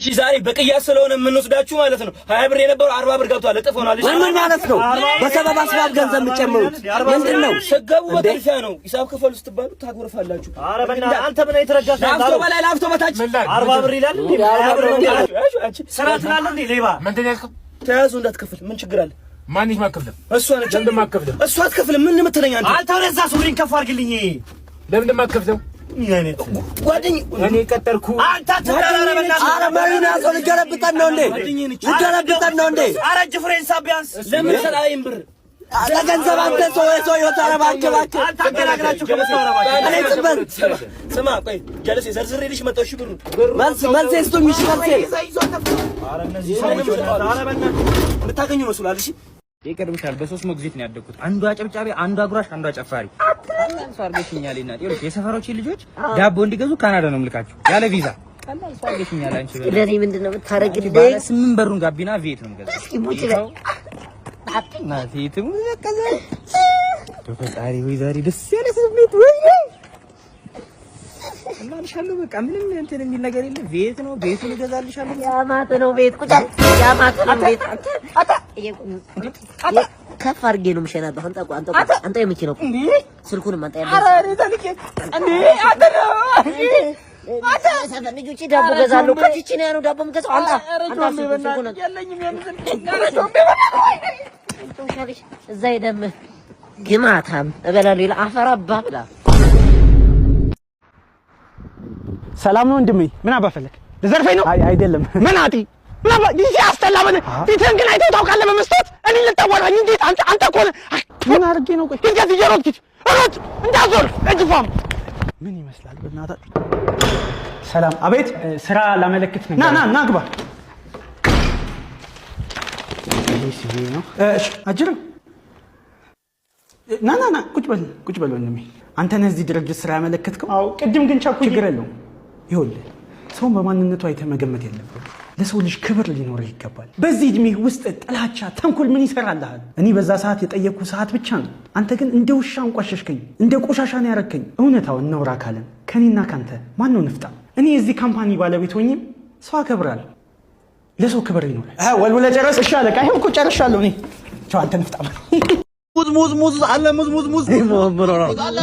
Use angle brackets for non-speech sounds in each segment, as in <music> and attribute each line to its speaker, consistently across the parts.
Speaker 1: እሺ ዛሬ በቅያስ ስለሆነ የምንወስዳችሁ ማለት ነው። ሀያ ብር የነበረው አርባ ብር ገብቷል። እጥፍ ሆኗል።
Speaker 2: ምን ምን ማለት ነው? በሰበብ አስባብ ገንዘብ የምትጨምሩት ምንድን ነው? ስገቡ በጥርሻ ነው። ሂሳብ ክፈሉ ስትባሉ ታጎርፋላችሁ።
Speaker 1: አንተ ምን የተረጋጋ
Speaker 2: ላፍቶ በላይ ላፍቶ በታች
Speaker 1: አርባ ብር ይላል። ስራ ትላለህ እንዴ? ሌባ ምንድን ነው ያልከው?
Speaker 2: ተያዙ እንዳትከፍል ምን ችግር አለ? ማን ይማከፍል? እሷ ነች። ለምን ማከፍል? እሷ አትከፍልም። ምን ምትለኝ
Speaker 1: አንተ? አንተ ወደዛ ሱሪን ከፍ አድርግልኝ። ለምን ማከፍለው እኔ
Speaker 2: ለገንዘብ አንተ ሰው ሰው ይወጣራ ባንክ ባንክ
Speaker 1: አንተገናግራችሁ ከመሰራ ባንክ እኔ ጽበን ስማ፣ ቆይ ጀለሴ ዘርዝሬልሽ መጣው። እሺ ብሩ
Speaker 2: መልስ መልስ እስቱም ይሽፈርቴ አረ እነዚህ ሰው አረ በእናትህ የምታገኙ መስሏል። እሺ
Speaker 1: ይቀርብሻል። በሶስት ሞግዚት ነው ያደኩት። አንዷ አጨብጫቢ፣ አንዷ ጉራሽ፣ አንዷ ጨፋሪ አርገሽኛል። እናት ይኸውልሽ፣ የሰፈሮች ልጆች ዳቦ እንዲገዙ ካናዳ ነው የምልካቸው ያለ ቪዛ። ነው ስምንት በሩን ጋቢና ነው ዛሬ ደስ ያለ ስሜት ወይ በቃ ምንም እንትን የሚል ነገር የለም። ቤት ነው ቤቱን እገዛልሻለሁ።
Speaker 2: ያማት ነው ቤት ያማት ነው ቤት ከፍ አድርጌ ነው የምሸናብህ። አንተ የመኪናው አንተ ልጆቼ ዳቦ ገዛለሁ ከቺቺ ነው አንተ እዛ ግማታም እበላለሁ ይላል። አፈር ብላ
Speaker 1: ሰላም ነው ወንድሜ። ምን አባፈለክ ልዘርፈኝ ነው? አይደለም ምን ይሄ አስጠላ። በል ፊትህን ግን አይተው ታውቃለህ? በመስጠት እኔ ልታዋራኝ እንዴት? አንተ አንተ እኮ ምን አድርጌ ነው? ቆይ ድንገት እየሮጥክ ሮጥ እንዳዞር እጅፋም ምን ይመስላል? በእናታችሁ ሰላም። አቤት። ስራ ላመለክት ነው። ና ና ና፣ ግባ። ይሄ ነው። እሺ፣ አጅርም ና ና ና፣ ቁጭ በል ቁጭ በል ወንድሜ። አንተ ነህ እዚህ ድርጅት ስራ ያመለከትከው? አዎ። ቅድም ግን ቻኩ። ችግር የለውም። ይኸውልህ ሰውን በማንነቱ አይተህ መገመት የለብህም። ለሰው ልጅ ክብር ሊኖር ይገባል። በዚህ እድሜ ውስጥ ጥላቻ፣ ተንኮል ምን ይሰራልሃል? እኔ በዛ ሰዓት የጠየቅኩ ሰዓት ብቻ ነው። አንተ ግን እንደ ውሻ አንቋሸሽከኝ፣ እንደ ቆሻሻ ነው ያረከኝ። እውነታውን እናውራ ካለን ከኔና ካንተ ማነው ንፍጣ? እኔ የዚህ ካምፓኒ ባለቤት ሆኜም ሰው አከብራል። ለሰው ክብር ይኖራል። ወልውለህ ጨረስ። እሺ አለቃ፣ ይኸው እኮ እኔ። ቻው አንተ ንፍጣ ሙዝ ሙዝ ሙዝ አለ ሙዝ ሙዝ ሙዝ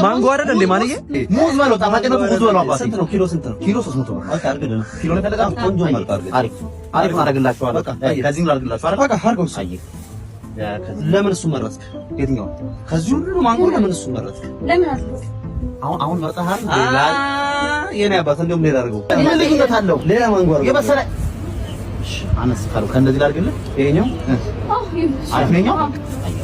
Speaker 1: ማንጎ አይደል እንዴ? ማንዬ ሙዝ በለው ጣፋጭ ነው። ሙዝ በለው አባቴ። ስንት ነው? ኪሎ ስንት ነው? ኪሎ ሦስት መቶ ነው። በቃ አድርግ ነው። ኪሎ ለፈለጋችሁ ቆንጆ ነው። አሪፍ አሪፍ አደርግላችኋለሁ። በቃ ለዚህ አደርግላችኋለሁ። በቃ አድርገው ሳይ ለምን እሱ መረጥክ? የትኛው ከዚህ ሁሉ ማንጎ ለምን እሱ መረጥክ? ለምን አትሉት? አሁን አሁን መርጠሃል። ሌላ የኔ አባት እንደውም ሌላ አድርገው። ምን ልዩነት አለው? ሌላ ማንጎ አድርገው የበሰለ አነስ ካለው ከእንደዚህ ላድርግልህ። ይሄኛው አሪፍ ነኛው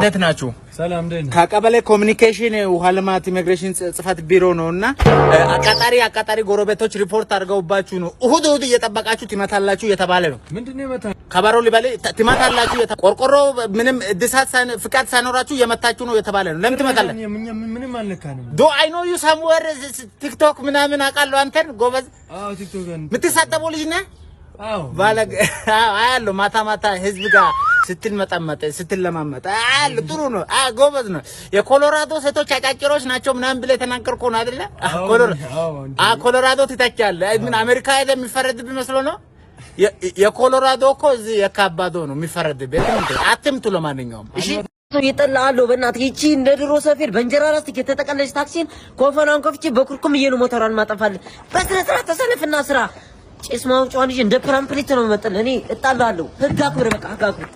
Speaker 1: እንዴት ናችሁ? ሰላም ከቀበሌ ኮሚኒኬሽን ውሃ ልማት ኢሚግሬሽን ጽህፈት ቢሮ ነው እና አቃጣሪ አቃጣሪ ጎረቤቶች ሪፖርት አድርገውባችሁ ነው እሁድ እሁድ እየጠበቃችሁ ትመታላችሁ እየተባለ ነው። ከበሮ ሊበላ ትመታላችሁ፣ ቆርቆሮ ምንም እድሳት ፍቃድ ሳይኖራችሁ እየመታችሁ ነው እየተባለ ነው። ለምን ምንም አልነካንም። ዶ አይ ኖ ዩ ሳምዌር ቲክቶክ ምናምን አውቃለሁ። አንተን ጎበዝ የምትሳደበው ልጅ ነህ። <laughs> አያለሁ ማታ ማታ ህዝብ ጋር ስትል መጣመጠ አል ጥሩ ነው። አ ጎበዝ ነው። የኮሎራዶ ሴቶች አጫጭሮች ናቸው ምናምን ብለህ የተናገርከው ነው አይደለ? አ ኮሎራዶ ትተቻለህ። ምን አሜሪካ ሄደህ የሚፈረድብህ መስሎ ነው? የኮሎራዶ እኮ እዚህ የካባዶ ነው የሚፈረድብህ። አትምቱ ለማንኛውም እሺ። ይጠላሉ በእናትህ ይቺ እንደ ድሮ ሰፌድ በእንጀራ ራስ የተጠቀለች ታክሲን ኮፈናን ኮፍቼ በኩርኩም እየሉ ሞተሯን ማጠፋለን። በስነ ስርዓት ተሰለፍና ስራ ጭስ ማውጫዋን እንደ ፕራምፕሊት ነው መጠን እኔ እጣላለሁ። ህግ አክብር፣ በቃ ህግ አክብር።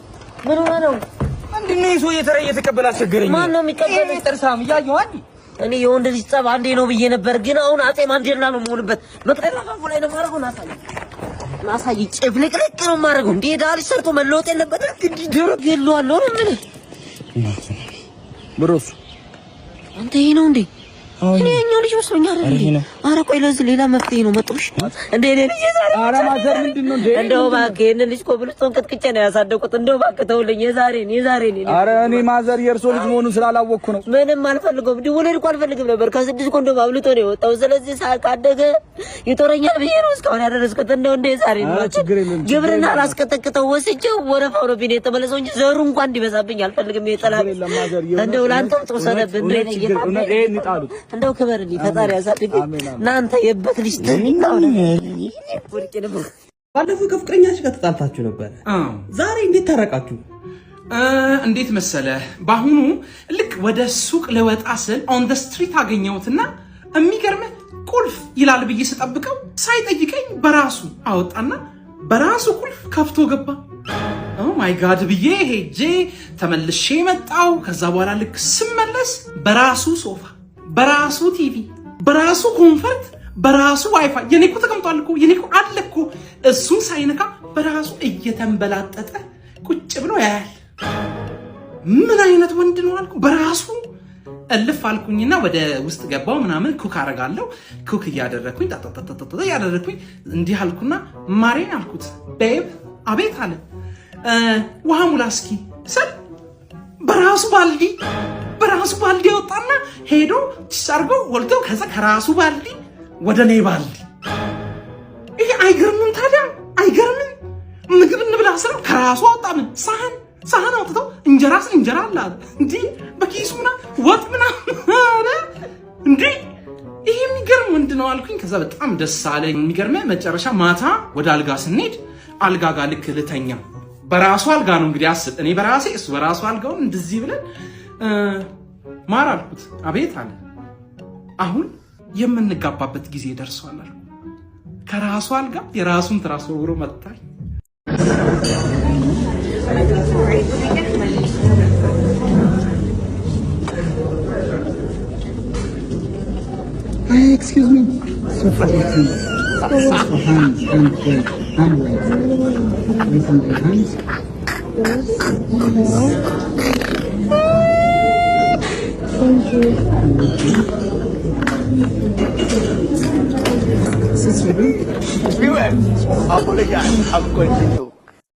Speaker 1: ምን ሆነ ነው? ምንድን ነው የሰው እየተራ እየተቀበለ አስቸገረኝ። ማን ነው የሚቀበለው? ጥርሳም እያየሁ እኔ የወንድ ልጅ ጸብ አንዴ ነው ብዬ ነበር፣ ግን አሁን አጼ ማንዴላ ነው የምሆንበት። መቅጠላ ላይ ነው ማድረጉ። ናሳይ ናሳይ ጭፍልቅልቅ ነው ማድረጉ። ሰርቶ መለወጥ የለበትም። ነው ብሮሱ አንተ ይሄ ነው እንዴ? እኔ የኛው ልጅ መስሎኝ አይደል? ኧረ ቆይ ለዚህ ሌላ መፍትሄ ነው መጥሽ እንዴ? እኔ ልጅ ማዘር ምንድን ነው እንዴ? እንደው እባክህ ይሄንን ልጅ ኮብልስቶን ቅጥቅጬ ነው ያሳደቁት። እንደው እባክህ ተውልኝ። የዛሬን የዛሬን አረ እኔ ማዘር የእርሶ ልጅ መሆኑን ስላላወቅኩ ነው። ምንም አልፈልገውም። ደውለህ እኮ አልፈልግም ነበር። ከስድስት ኮንዶም አብልጦ ነው የወጣው። ስለዚህ ካደገ ይጦረኛል ብዬ ነው እስካሁን ያደረስኩት። እንደው እንደ የዛሬን ግብርና ላስቀጠቅጠው ወስጄው ወረፋው ነው ቢኔ የተመለሰው እንጂ ዘሩ እንኳን እንዲበዛብኝ አልፈልግም። የጠላ እንደው ለአንተም ጥሩ ሰነብ እንደው ይጣሉት እንደው ክበር ፈጣሪ ያሳድግ። እናንተ የበት ልጅ ባለፈው ከፍቅረኛሽ ጋር ተጣልታችሁ ነበረ። ዛሬ እንዴት ታረቃችሁ? እንዴት መሰለ፣ በአሁኑ ልክ ወደ ሱቅ ልወጣ ስል ኦን ደ ስትሪት አገኘሁትና የሚገርምህ ቁልፍ ይላል ብዬ ስጠብቀው ሳይጠይቀኝ በራሱ አወጣና በራሱ ቁልፍ ከፍቶ ገባ። ማይ oh ጋድ ብዬ ሄጄ ተመልሼ መጣው። ከዛ በኋላ ልክ ስመለስ በራሱ ሶፋ በራሱ ቲቪ፣ በራሱ ኮንፈርት፣ በራሱ ዋይፋይ የኔ እኮ ተቀምጧል እኮ የኔ እኮ አለ እኮ እሱን ሳይነካ በራሱ እየተንበላጠጠ ቁጭ ብሎ ያያል። ምን አይነት ወንድ ነው አልኩ። በራሱ እልፍ አልኩኝና ወደ ውስጥ ገባው ምናምን ኩክ አረጋለሁ። ኩክ እያደረግኩኝ እያደረግኩኝ እንዲህ አልኩና ማሬን አልኩት። ቤብ አቤት አለ። ውሃ ሙላ እስኪ ስል በራሱ ባልዲ ሄዶ አድርገው ወልደው ከዛ ከራሱ ባልዲ ወደ እኔ ባልዲ። ይሄ አይገርምም? ታዲያ አይገርምም? ምግብ እንብላ ስለው ከራሱ አወጣምን ሳህን ሳህን አውጥተው እንጀራ ስ እንጀራ አለ እንዲ በኪሱ ምና ወጥ ምናምን እንዲ ይሄ የሚገርም ወንድ ነው አልኩኝ። ከዛ በጣም ደስ አለ። የሚገርመ መጨረሻ ማታ ወደ አልጋ ስንሄድ አልጋ ጋር ልክ ልተኛ በራሱ አልጋ ነው እንግዲህ አስብ እኔ በራሴ እሱ በራሱ አልጋውን እንደዚህ ብለን ማር አልኩት። አቤት አለ። አሁን የምንጋባበት ጊዜ ደርሷል አለ። ከራሱ አልጋ የራሱን ትራስ ወርውሮ መጥታል። s i e we do, we w i l Apologize. I'm going to do.